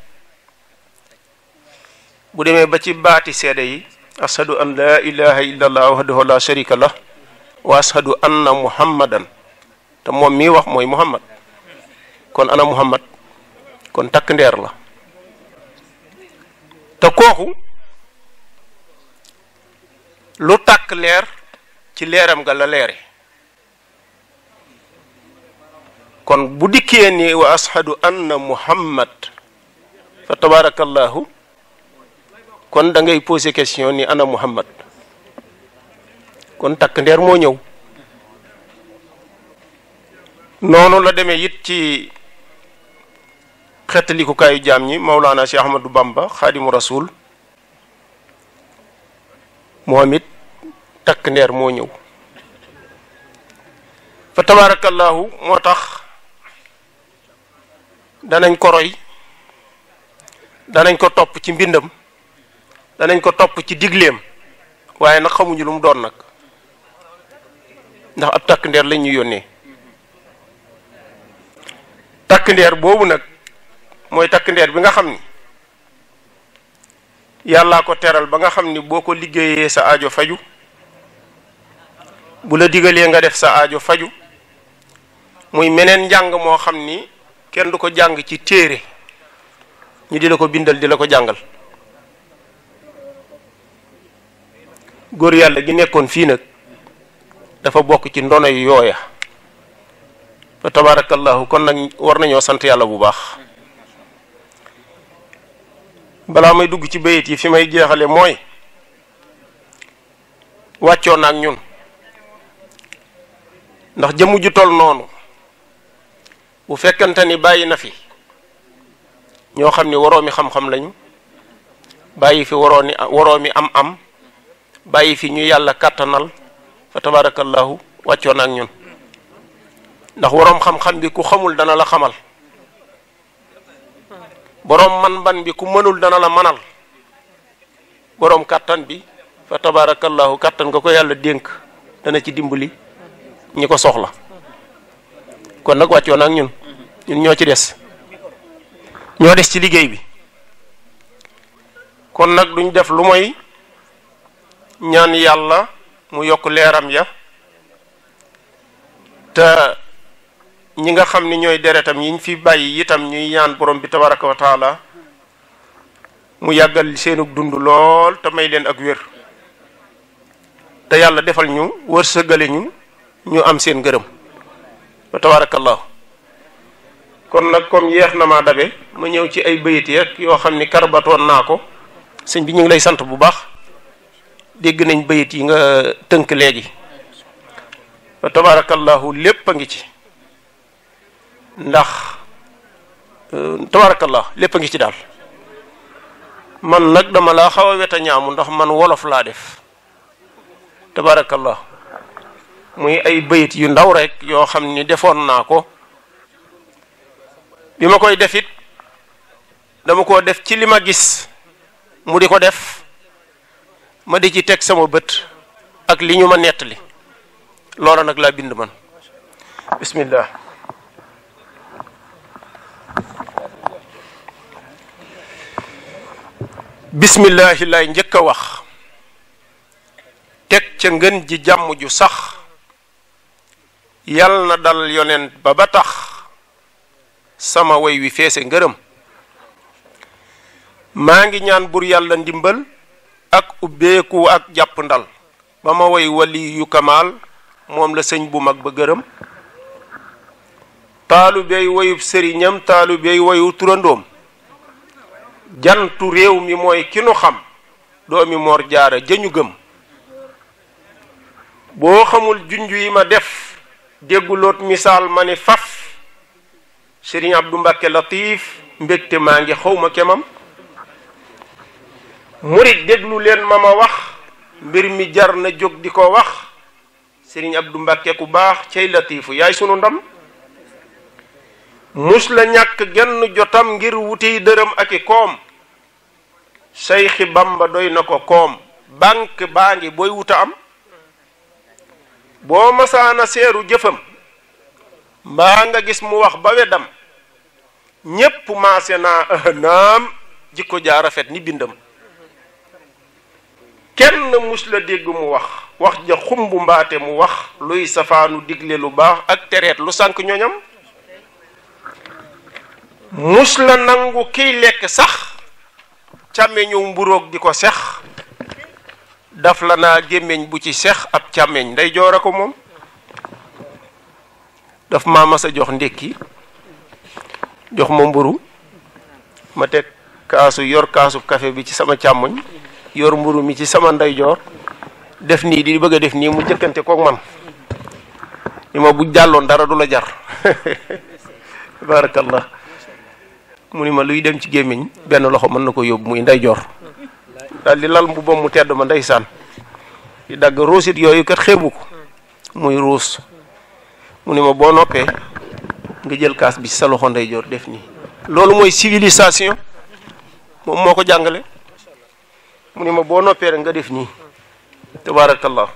bu demee ba ci baati seede yi ashadu an laa ilaha illallah ashadu anna muhammadan te moom mii wax mooy muhammad kon ana Muhammad kon takk ndeer la te kooku lu takk leer ci leeram nga la leere kon bu dikkee ni wa ashadu anna muhammad fa tabarakallahu kon da ngay poser question ni ana muhammad kon takk ndeer moo ñëw noonu la demee it xettalikukaayu jaam ñi Maulana Cheikh Ahmadou Bamba xaadimu rasul moom it takk ndeer moo ñëw fa tabaarakallaahu moo tax danañ ko roy danañ ko topp ci mbindam danañ ko topp ci digleem waaye na xamuñu lu doon nag ndax ab takk ndeer lañ yónnee takk ndeer boobu nag mooy takk ndeer bi nga xam ni yàllaa ko teral ba nga xam ni boo ko liggéeyee sa ajo faju bu la digalee nga def sa ajo faju muy meneen njàng moo xam ni kenn du ko jàng ci téere ñu di la ko bindal di la ko jàngal góor yàlla gi nekkoon fii nag dafa bokk ci ndono yu yooya fa tabarakallahu kon nag war nañoo sant yàlla bu baax balaa may dugg ci bayit yi fi may jeexale mooy wàccoon ak ñun ndax jëmm ju tol noonu bu fekkante ni bàyyi na fi ñoo xam ni waroomi xam-xam lañu bàyyi fi warooni waroomi am-am bàyyi fi ñu yàlla kàttanal fa tabarakallahu wàccoon ak ñun ndax waroom xam-xam bi ku xamul dana la xamal boroom man-man bi ku mënul dana la manal boroom kàttan bi fa tabarakallahu kàttan nga ko yàlla dénk dana ci dimbali ñi ko soxla kon nag wàccoon ak ñun ñun ñoo ci des ñoo des ci liggéey bi kon nag duñ def lu mooy ñaan yàlla mu yokk leeram ya te ñi nga xam ni ñooy deretam yiñ fi bàyyi itam ñuy ñaan borom bi tabaraka wa mu yàggal seenug dund lool te may leen ak wér te yàlla defal ñu wër sëggale ñu ñu am seen gërëm wa tabarakallahu kon nag comme yeex na maa dabe ma ñëw ci ay bayit yeeg yoo xam ni karbatoon naa ko sëñ bi ñu ngi lay sant bu baax dégg nañ bayit yi nga tënk léegi wa tabarakallahu lépp a ngi ci ndax euh, tabarakallah lépp a ngi ci daal man nag dama laa xaw a ñaamu ndax man wolof laa def tabarakallah muy ay bayit yu ndaw rek yoo xam ni defoon naa ko bi ma koy def it dama koo def ci li ma gis mu di ko def ma di ci teg sama bët ak li ñu ma nettali loola nag laa bind man bismillah bismillaahi lay njëkk wax teg ca ngën ji jàmm ju sax yal na dal yonent ba ba tax sama woy wi feese ngërëm maa ngi ñaan bur yàlla ndimbal ak ubbeeku ak jàpp ndal ba ma way wali kamaal moom la sëñ bu mag ba gërëm taalubey woyub sëriñam taalubey woyu turandoom jantu réew mi mooy ki nu xam doomi moor jaara jëñu gëm boo xamul junj yi ma def dégguloot misaal ma ni faf sëriñ Abdou Mbàkke Latif mbégte maa ngi xawma kemam murit déglu leen ma ma wax mbir mi jar na jóg di ko wax sëriñ Abdou Mbàkke ku baax cay latiifu yaay sunu ndam mus la ñàkk genn jotam ngir wuti dërëm ak i koom sayxi bamba doy na ko koom banque baa ngi booy wuta am boo masaana seeru jëfam mbaa nga gis mu wax ba wedam ñépp maase naa ahanaam jikko jaa rafet ni bindam kenn mus la dégg mu wax wax ja xumbu mbaate mu wax luy safaanu digle lu baax ak tereet lu sànk ñoñam mus la nangu kiy lekk sax càmmeñu mburook di ko sex daf la naa gémmiñ bu ci sex ab càmmiñ nday a ko moom daf maa masa a jox ndékki jox ma mburu ma teg kaasu yor kaasu café bi ci sama càmmoñ yor mburu mi ci sama ndeyjoor def nii di bëgg a def nii mu jëkkante kook man ni ma bu jàlloon dara du la jar la *laughs* mu ni ma luy dem ci gémmiñ benn loxo mën na ko yóbbu muy ndeyjoor daal di lal mbubbam mu tedd ma ndeysaan di dagg ruusit yooyu kat xeebu ko muy ruus mu ni ma boo noppee nga jël kaas bi sa loxo ndeyjoor def nii loolu mooy civilisation moom moo ko jàngale mu ni ma boo noppee rek nga def nii tabaarakallah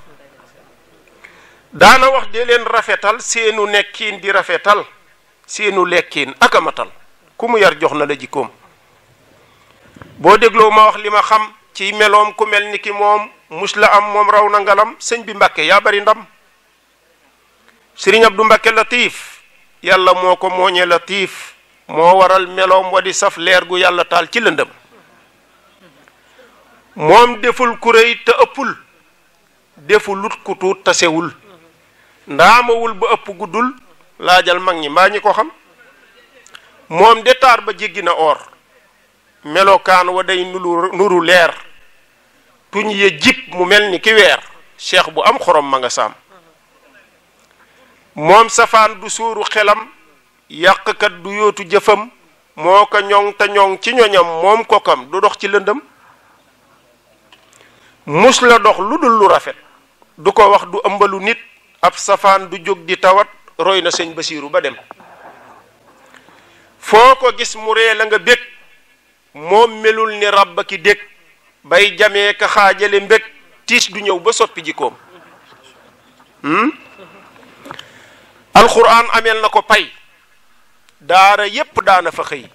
daana wax de leen rafetal seenu nekkiin di rafetal seenu lekkiin akamatal ku mu yar jox na la jikkoom boo dégloo ma wax li ma xam ci meloom ku mel ni ki moom mus la am moom raw na ngalam sëñ bi Mbàkke yaa bari ndam sëriñ Abdu Mbàkke Latiif yàlla moo ko mooñee Latiif moo waral meloom wa di saf leer gu yàlla taal ci lëndëm moom deful ku rëy te ëppul defulut ku tuut tasewul ndaamawul ba ëpp guddul laajal mag ñi mbaa ñi ko xam moom de taar ba jéggi na or melokaan wa day nuru nuru leer tuñ ye jib mu mel ni ki weer cheikh bu am xorom ma moom safaan du suuru xelam yàqkat du yootu jëfam moo ko ñoŋ te ci ñoñam moom kokam du dox ci lëndëm mus la dox lu dul lu rafet du ko wax du ëmbalu nit ab safaan du jóg di tawat roy na sëñ basiiru ba dem foo ko gis mu ree la nga bég moom melul ni ràbb ki dég bay jamee ka xaajale mbég tiis du ñëw ba soppi jikkoom hmm? alxuraan ameel na ko pay daara yépp daana fa xëy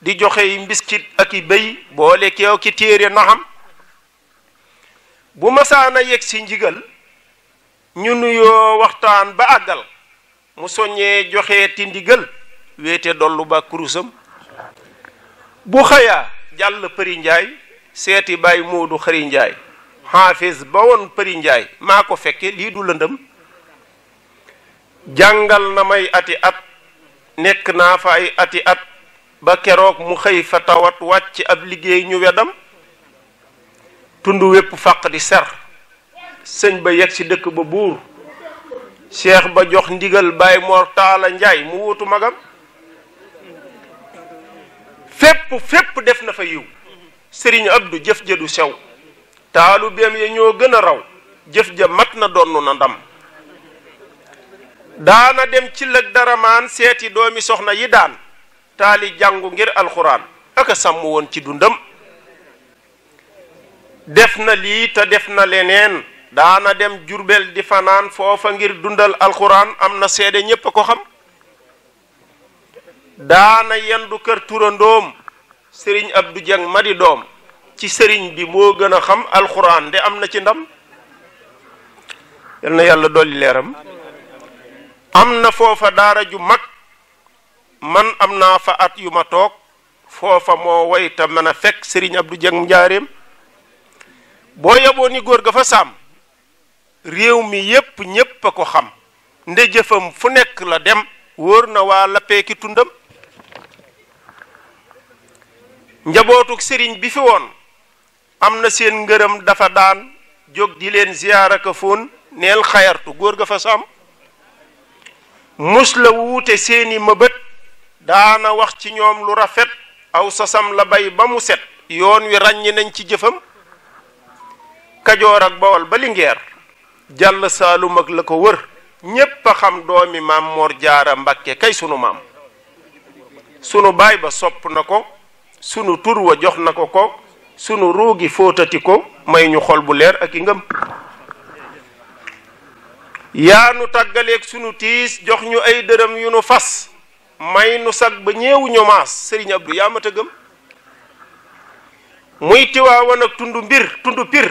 di joxe yi mbiskit ak i béy boole keew ki téere naxam bu masaana yegg ci njigal ñu nuyoo waxtaan ba àggal mu soññee joxe ti wéete dollu ba kurusam bu xëyaa jàll përi njaay seeti bàyyi moodu xëri njaay xaafis ba woon përi njaay maa ko fekke lii du lëndëm jàngal na may ati at nekk naa fa ay ati at ba keroog mu xëy fa tawat wàcc ab liggéey ñu weddam tund wépp fàq di ser sëñ ba yegg ci dëkk ba buur cheikh ba jox ndigal baay Mor Taala Njaay mu wutu magam fépp fépp def na fa yiw sëriñ Abdou jëf ja du sew taalibeem ya ñoo gën a raw jëf ja mat na donn na ndam daana dem ci lëg daramaan seeti doomi soxna yi daan taali jàngu ngir alxuraan aka sàmm woon ci dundam def na lii te def na leneen daana dem jurbel di fanaan foofa ngir dundal alxuraan am na seede ñépp a ko xam daana yendu kër turandoom sëriñ Abdou Dieng madi doom ci sëriñ bi moo gën a xam alxuraan de am na ci ndam yal na yàlla dolli leeram am na foofa daara ju mag man am naa fa at yu ma toog foofa moo woyta mën a fekk sëriñ du Dieng njaareem boo yeboo ni góor ga fa sàmm réew mi yépp ñépp a ko xam nde jëfam fu nekk la dem wóor na waa lappeeki tundam njabootuk sëriñ bi fi woon am na seen ngërëm dafa daan jóg di leen ziyaara ka neel xayartu góor ga fa mus la wuute seeni mëbët daana wax ci ñoom lu rafet aw sasam la bay ba mu set yoon wi ràññi nañ ci jëfam kajoor ak bawol ba lingeer jàll saalum la ko wër ñépp a xam doomi maam Mor Jaara Mbàkke kay sunu maam sunu baay ba sopp na ko sunu tur wa jox na ko ko sunu ruugi fóotati ko may ñu xol bu leer ak i ngëm yaa nu tàggaleeg sunu tiis jox ñu ay dërëm yu nu fas may nu sag ba ñeewu ñu maas sëriñ Abdou yaa ma tëggam muy tiwaawan ak tundu mbir tundu pir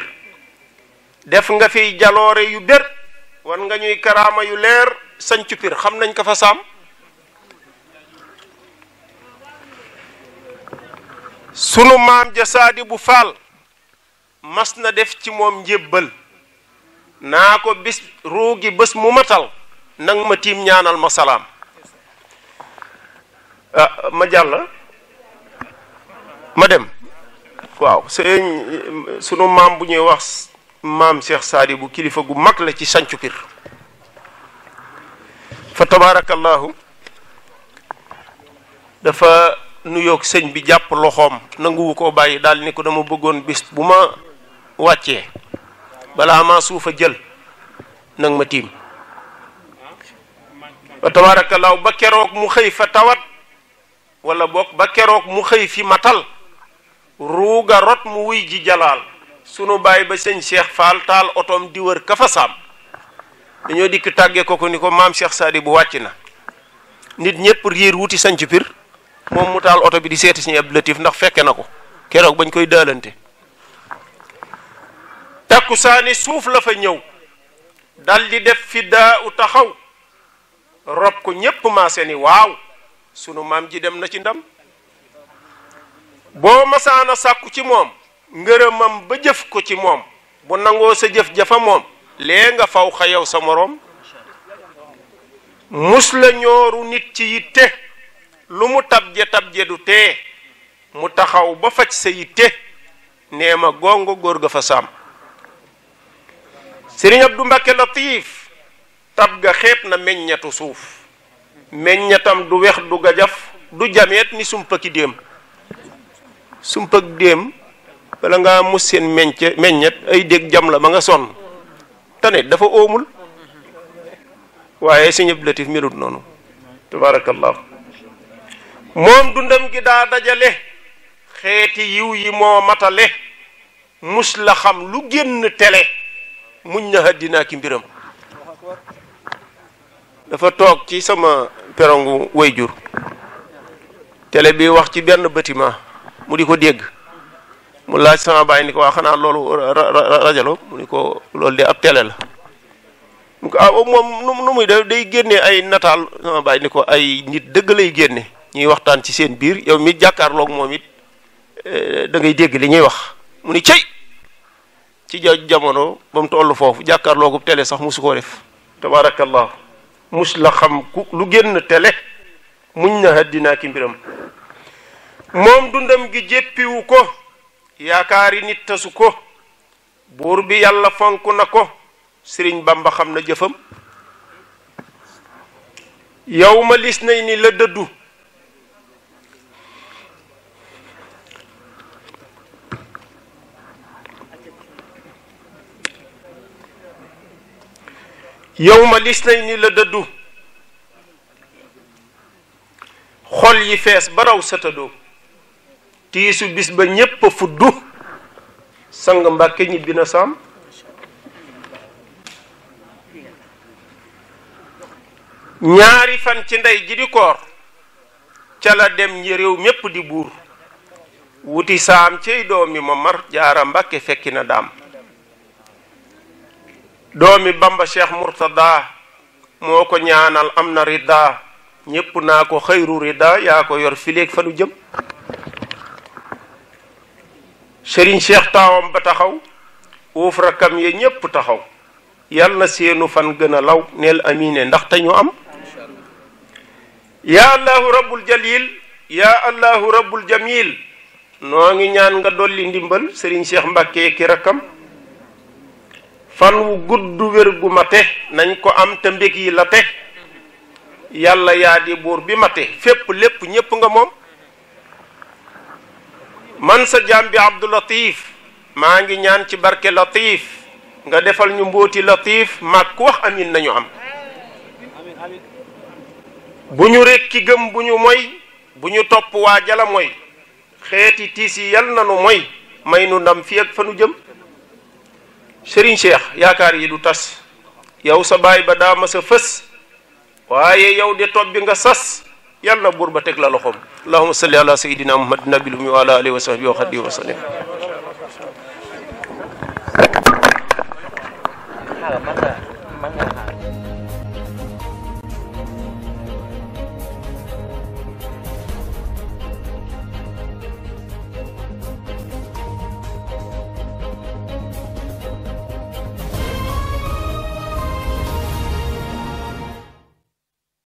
def nga fiy jaloore yu bér wan nga ñuy karaama yu leer sancu pir xam nañ ko fa sunu maam ja saadi bu faal mas na def ci moom njébbal naa ko bis ruugi bés mu matal nang ma tiim ñaanal ma salaam ah ma jàll ma dem waaw sunu maam bu ñuy wax maam Cheikh Saadi bu kilifa gu mag la ci sancu pir fa tabaarakallaahu dafa nuyook sëñ bi jàpp loxoom nanguwu ko bàyyi daal ni ko dama bëggoon bis bu ma wàccee balaa maa a jël nag ma tiim wa tabaarakallaahu ba keroog wala boog ba keroog mu xëy fi matal ruuga rot mu wuy ji jalaal sunu bàyyi ba sëñ Cheikh Fall taal otoom di wër kafa dañoo dikk tàggee ko ko ni ko maam Cheikh Sadi bu wàcc na nit ñëpp riir wuti sañ ci moom mu taal oto bi di seeti si Abdou Latif ndax fekke na ko keroog bañ koy daalante ni suuf la fa ñëw daldi def fi daa u taxaw rob ko ñépp maase ni waaw sunu maam ji dem na ci ndam boo masaana sàkku ci moom ngërëmam ba jëf ko ci moom bu nangoo sa jëf jafa moom lee nga faw xayaw sa moroom mus la ñooru nit ci yitte lu mu tabje tabje du tee mu taxaw ba faj sa yitte nee ma gongo góor ga fa saam sëriñ Abdu Mbakke Latiif tab ga xeet na meññatu suuf meññetam du wex du gajaf du jameet ni sumpaki déem sumpak déem bala nga mus seen meñce meññet ay dégg jam la ba nga sonn tane dafa óomul waaye sëriñ Abdu Latiif melut noonu tabarakallah moom dundam gi daa dajale xeeti yiw yi moo matale mus la xam lu génn tele muñ na àddina ki mbiram dafa toog ci sama perongu wayjur tele bi wax ci benn bâtiment mu di ko dégg mu laaj sama bàyyi ni ko waa xanaa loolu rajalo mu ni ko loolu de ab tele la mu ko ah moom nu muy def day génne ay nataal sama bàyyi ni ko ay nit dëgg lay génne ñuy waxtaan ci seen biir yow mi jàkkaarloog moom it eh, dangay ngay dégg li ñuy wax mu ni cey ci ja jamono ba mu toll foofu jàkkaarloogub télé sax musu koo def tabaarakallah mus la xam ku lu génn tele mu na haddinaa ki mbiram moom dundam gi jéppiwu ko yaakaar yaakaari nit tasu ko buur bi yàlla fonk na ko sëriñ bamba xam na jëfam yow ma lis nay ni la dëddu yow ma yawma lisnayni la dëddu xol yi fees ba raw satadoo tiisu bis ba ñépp a fuddu sang mbàkke ñibbi na saam ñaari fan ci ndey ji di koor ca la dem ñi réew mépp di buur wuti saam doom yi ma mar jaara mbàkke fekki na daam doomi bamba cheikh murtada moo ko ñaanal am na ridda ñépp naa ko xëyru ridda yaa ko yor fileeg fanu jëm sëriñ cheikh taawam ba taxaw uuf rakam ye ñépp taxaw yal na seenu fan gën law neel amine ndax te ñu am yaa allahu rabbul jalil yaa allahu rabbul jamil noo ngi ñaan nga dolli ndimbal sëriñ cheikh mbàkke rakkam fan wu gudd wér gu mate nañ ko am te mbég yi la te yàlla yaa di buur bi mate fépp lépp ñépp nga moom man sa jaam bi abdu latif maa ngi ñaan ci barke latif nga defal ñu mbóoti latif maag ku amin nañu am bu ñu rekki gëm bu ñu moy bu ñu topp waa jala moy xeeti tiis yi yal na nu moy may nu ndam fi ak fa jëm sëriñ Cheikh yaakaar yi du tas yow sa baay ba daa ma fës waaye yow de topp bi nga sas yal na buur ba teg la loxoom allahuma salli ala sayidina muhammad nabil umi wa ala alihi wa wa xadihi wa sallim man nga man